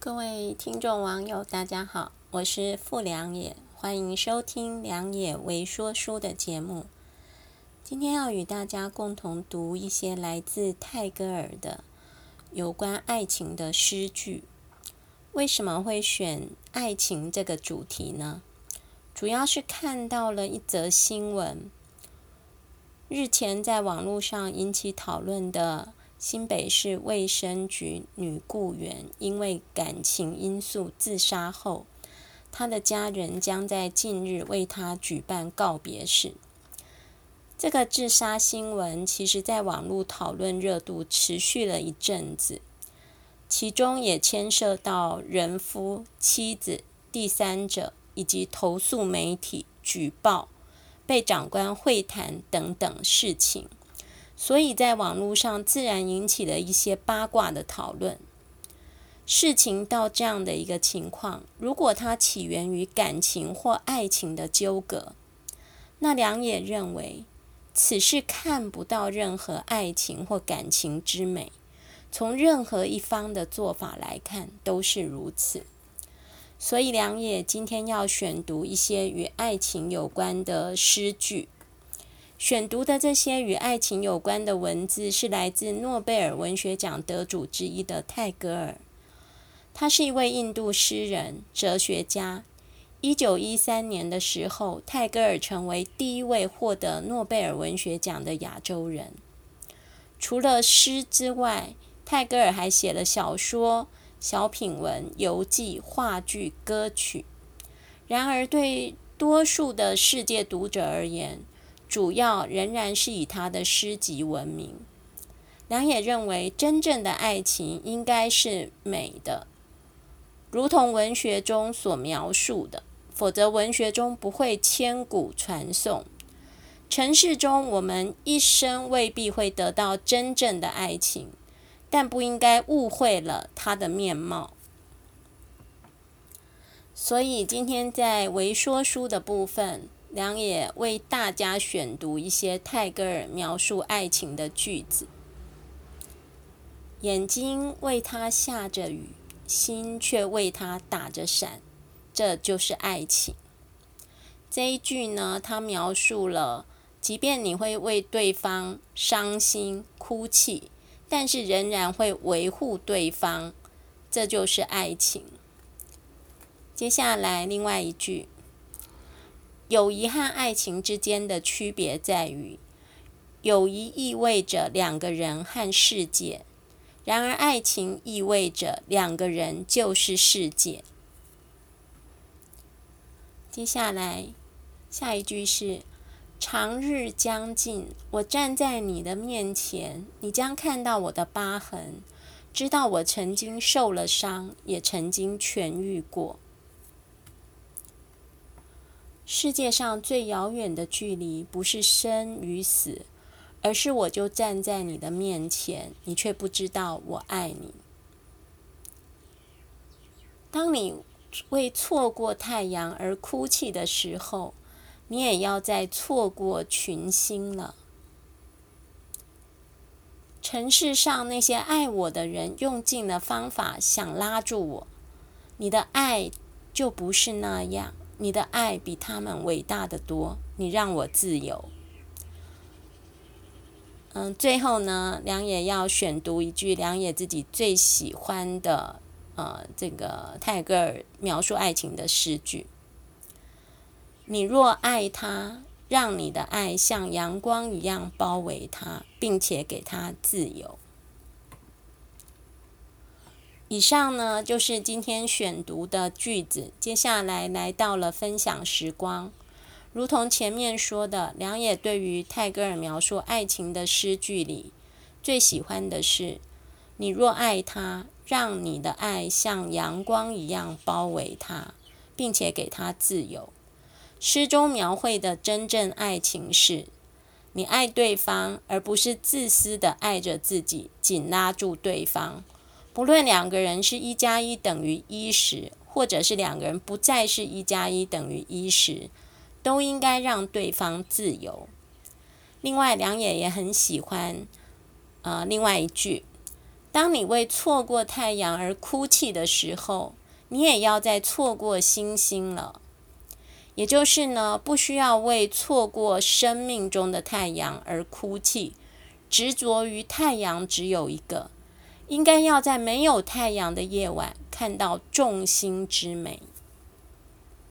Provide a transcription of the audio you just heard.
各位聽眾網友，大家好，我是傅良也，歡迎收聽《良也微說書》的節目。今天要與大家共同讀一些來自泰戈爾的有關愛情的詩句。為什麼會選愛情這個主題呢？主要是看到了一則新聞，日前在網絡上引起討論的新北市衛生局女僱員因為感情因素自殺後，她的家人將在近日為她舉辦告別式。這個自殺新聞其實在網絡討論熱度持續了一陣子，其中也牽涉到人夫、妻子、第三者以及投訴媒體、舉報、被長官會談等等事情。所以在網絡上自然引起了一些八卦的討論。事情到這樣的一個情況，如果它起源於感情或愛情的糾葛，那良也認為此事看不到任何愛情或感情之美，從任何一方的做法來看都是如此。所以良也今天要選讀一些與愛情有關的詩句。選讀的這些與愛情有關的文字是來自諾貝爾文學獎得主之一的泰戈爾。他是一位印度詩人、哲學家。一九一三年的時候，泰戈爾成為第一位獲得諾貝爾文學獎的亞洲人。除了詩之外，泰戈爾還寫了小說、小品文、遊記、話劇、歌曲。然而，對多數的世界讀者而言，主要仍然是以他的詩集聞名。良也認為，真正的愛情應該是美的，如同文學中所描述的，否則文學中不會千古傳頌。塵世中，我們一生未必會得到真正的愛情，但不應該誤會了它的面貌。所以，今天在微說書的部分。良也為大家選讀一些泰戈爾描述愛情的句子：“眼睛為她下着雨，心卻為她打着傘，這就是愛情。”這一句呢，他描述了，即便你會為對方傷心哭泣，但是仍然會維護對方，這就是愛情。接下來，另外一句。友誼和愛情之間的區別在於，友誼意、意味着兩個人和世界；然而，愛情意味着兩個人就是世界。接下來，下一句是：“長日將盡，我站在你的面前，你將看到我的疤痕，知道我曾經受了傷，也曾經痊癒過。”世界上最遙遠的距離，不是生與死，而是我就站在你的面前，你卻不知道我愛你。當你為錯過太陽而哭泣的時候，你也要再錯過群星了。塵世上那些愛我的人，用盡了方法想拉住我，你的愛就不是那樣。你的愛比他們偉大得多，你讓我自由。嗯、呃，最後呢，良也要選讀一句良也自己最喜歡的，呃，這個泰戈爾描述愛情的詩句：你若愛他，讓你的愛像陽光一樣包圍他，並且給他自由。以上呢，就是今天選讀的句子。接下來來到了分享時光。如同前面說的，良也對於泰戈爾描述愛情的詩句裡，最喜歡的是：“你若愛他，讓你的愛像陽光一樣包圍他，並且給他自由。”詩中描繪的真正愛情是你愛對方，而不是自私的愛着自己，緊拉住對方。無論兩個人是一加一等於一時，或者是兩個人不再是一加一等於一時，都應該讓對方自由。另外，良也也很喜歡，呃，另外一句：當你為錯過太陽而哭泣的時候，你也要再錯過星星了。也就是呢，不需要為錯過生命中的太陽而哭泣，執着於太陽只有一個。應該要在沒有太陽的夜晚，看到眾星之美。